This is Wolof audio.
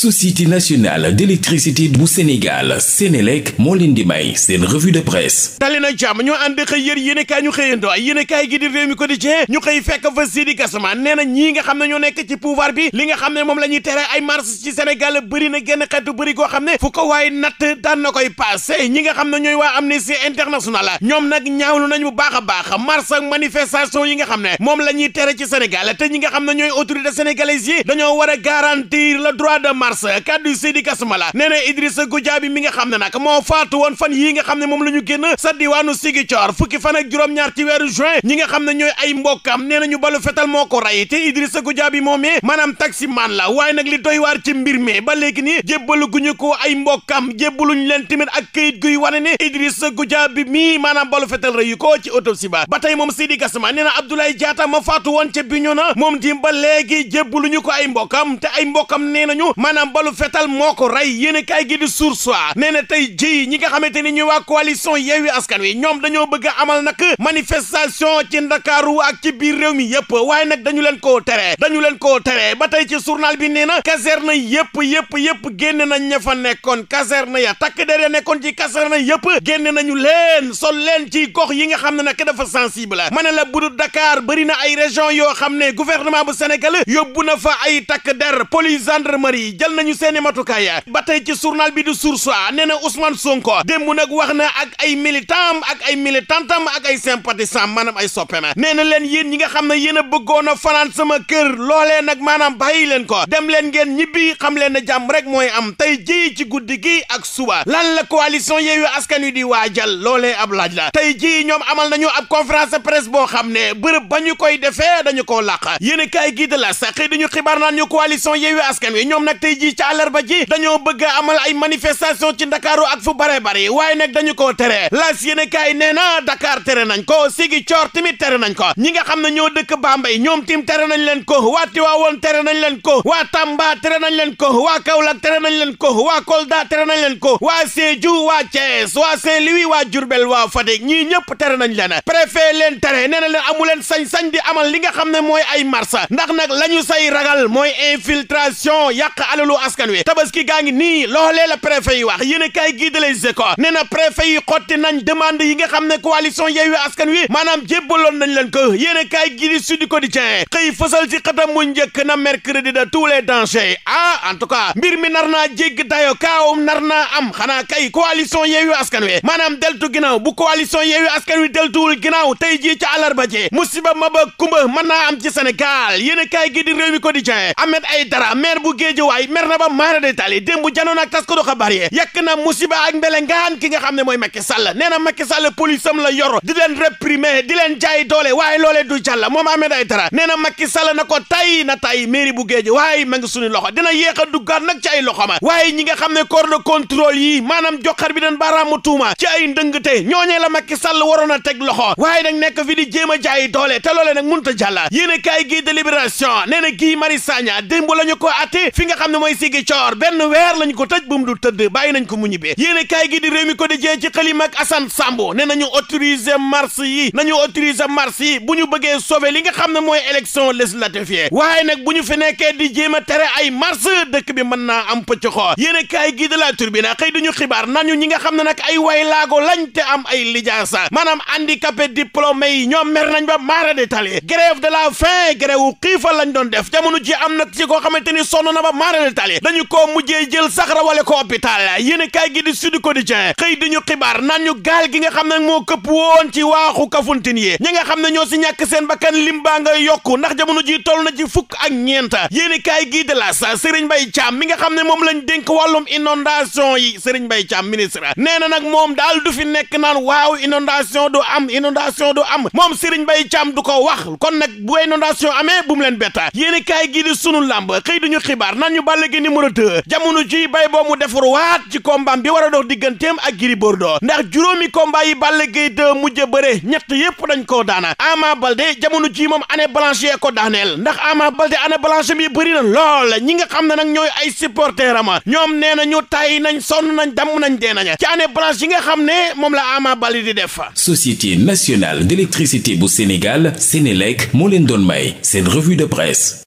société nationale d'électricité bu Sénégal Sénélec moo leen di may seen revue de presse dali jàmm ñoo ànd xëy yër yéen kaay ñu xëyandoo yéen kaay gi di réew mi ñu xëy fekk fa Sidi Gassama nee na ñii nga xam ne ñoo nekk ci pouvoir bi li nga xam ne moom la ñuy tere ay marche ci Sénégal bëri na genn xeetu bëri koo xam ne fu ko waaye natt daan na koy passé ñi nga xam ne ñooy waa Amnesty International ñoom nag ñaawlu nañ bu baax baax marche yi nga xam ne moom la ñuy tere ci Sénégal te ñi nga xam ne ñooy autorité mars kaddu Seydi Kassoumala nee na Idrissa Goudiaby mi nga xam ne nag moo faatu woon fan yi nga xam ne moom la ñu génn sa diwaanu Ziguinchor fukki fan ak juróom-ñaar ci weeru juin ñi nga xam ne ñooy ay mbokkam nee na ñu balu fetal moo ko rey te Idrissa Goudiaby moomee maanaam taximan la waaye nag li doy waar ci mbir mi ma léegi ni jébbalu ko ay mbokkam jébbaluñ leen tamit ak këyit guy wane ne Idrissa Goudiaby mii maanaam balu fetal rëyu ko ci autopsie ba ba tey moom Seydi Gassama nee na Abdoulaye Diatta ma faatu woon ca Bignona moom di ba léegi jébbaluñu ko ay mbokkam te ay mbokkam nee nañu maanaam maanaam balu fetal moo ko rey yéen kaay gi di sursoir nee tey ji ñi nga xamante ni ñuy waa coalition Yewwi Askan Wi ñoom dañoo bëgg a amal nag manifestation ci Ndakaaru ak ci biir réew mi yëpp waaye nag dañu leen koo tere dañu leen koo tere ba tey ci journal bi nee na caserne yëpp yëpp yëpp génn nañ ña fa nekkoon caserne ya takk der nekkoon ci caserne yëpp génn nañu leen sol leen ci gox yi nga xam ne nag dafa sensible ma ne la budu Dakar bëri na ay région yoo xam ne gouvernement bu Sénégal yóbbu na fa ay takk der police gendarmerie jël nañu seeni matukaay ba tey ci journal bi di Source A nee na Ousmane Sonko démb nag wax na ak ay militant ak ay militantam ak ay sympathisant maanaam ay soppe ma nee na leen yéen ñi nga xam ne yéen a bëggoon a fanaan sama kër loolee nag maanaam bàyyi leen ko dem leen ngeen ñibbi xam leen ne jàmm rek mooy am tey jii ci guddi gi ak suba lan la coalition Yewwi Askan Wi di waajal loolee ab laaj la tey jii ñoom amal nañu ab conférence de boo xam ne bërëb ba ñu koy defee dañu koo làq yéen a kaay gii la sax xëy dañu xibaar naan ñu ji ci àllarba ji dañoo bëgg a amal ay manifestation ci ndakaaru ak fu bare bari waaye nag dañu koo tere laas yéene kaay nee na dakaar tere nañ koo sigi coor tamit tere nañ ko ñi nga xam ne ñoo dëkk Bambey ñoom tim tere nañ leen ko waa Tiwaawoon tere nañ leen ko waa Tamba tere nañ leen ko waa Kaolack tere nañ leen ko waa Kolda tere nañ leen ko waa Sédhiou waa Thiès waa Saint-Louis waa Diourbel waa Fatick ñëpp tere nañ leen préfet leen tere nee na leen amu leen sañ-sañ di amal li nga xam ne mooy ay mars ndax nag lañu say ragal mooy infiltration yàq alalu askan wi tabaski gaa ngi nii loolee la préfet yi wax yéen a kaay gii de Les Échos nee yi xotti nañ demande yi nga xam ne coalition Yewwi Askan Wi maanaam jébbaloon nañ leen ko yéen a kaay gii di Sud Quotidien xëy fësal ci xëtam mu njëkk na mercredi de tous les dangers ah tout cas mbir mi nar naa jégg dayo kaaw nar naa am xanaa kay coalition Yewwi Askan Wi maanaam deltu ginnaaw bu coalition Yewwi Askan Wi deltuwul ginnaaw tey jii ci àllarba ji musiba maba kumba mën naa am ci Sénégal yéen a kaay gii di Rewmi Quotidien Ahmed Aïdara maire bu Guédiawaye mer na ba maana day tali démb janoon ak tas ko do xabaar musiba ak mbele ngaan ki nga xam ne mooy ma Sall nee na Macky Sall police am la yor di leen réprimer di leen jaay doole waaye loolee du jàll moom Ahmed Aïdara nee na Macky Sall na ko tay na tay mairie bu waaye ma ngi suñu loxo dina yéex a duggaat nag ci ay loxo ma waaye ñi nga xam ne corps de contrôle yi maanaam joxar bi dañ baaraamu tuuma ci ay ndëngte ñooñee la Macky Sall waroon a teg loxo waaye nag nekk fi di jéem a jaay doole te loolee nag mënut a jàll yéen a kaay gi délibération nee na Guy Marius Sagna démb la ñu ko atte fi nga xam ne mooy sigi coor benn weer lañ ko tëj bu mu tëdd bàyyi nañ ko mu ñibbee yéene kaay gi di ko di jee ci xalima ak Assane Sambo ne nañu autoriser mars yi nañu autoriser mars yi bu ñu bëggee sauver li nga xam ne mooy élection législative yi waaye nag bu ñu fi nekkee di jéem a tere ay mars dëkk bi mën naa am pëcc xoo yéene kaay gi de la turbina xëy duñu xibaar nañu ñi nga xam ne nag ay way laago lañ te am ay lijaasa maanaam handicapé diplômé yi ñoom mer nañ ba maara de tali grève de la doon def jamono ji am nag ci koo xamante ñaari tali dañu koo mujjee jël sax rawale ko hôpital yéen kaay gi di Sud Quotidien ñu xibaar naan ñu gaal gi nga xam ne moo këpp woon ci waaxu Kafountine yi ñi nga xam na ñoo si ñàkk seen bakkan lim yokku ndax jamono ji toll na ci fukk ak ñeent yéen kaay gi de la Serigne Mbaye Thiam mi nga xam ne moom lañ dénk wàllum inondation yi Serigne Mbaye Thiam ministre nee na nag moom daal du fi nekk naan waaw inondation du am inondation du am moom Serigne Mbaye Thiam du ko wax kon nag bu inondation amee bu mu leen bett yéen kaay gi di sunu làmb xëy duñu Balla Gaye numéro 2 jamono ji bay boo mu defar waat ci combat bi war a dox digganteem ak Gris Bordeaux ndax juróomi combat yi Balla Gaye 2 mujj bëre ñett yëpp dañ koo daana Ama Baldé jamono ji moom année blanche yee ko daaneel ndax Ama Baldé année blanche mi bëri na lool ñi nga xam ne nag ñooy ay supporter ama ñoom nee na ñu tàyyi nañ sonn nañ damm nañ dee nañ ci année blanche yi nga xam ne moom la Ama Baldé di def Société nationale d'électricité bu Sénégal Sénélec moo leen doon may seen revue de presse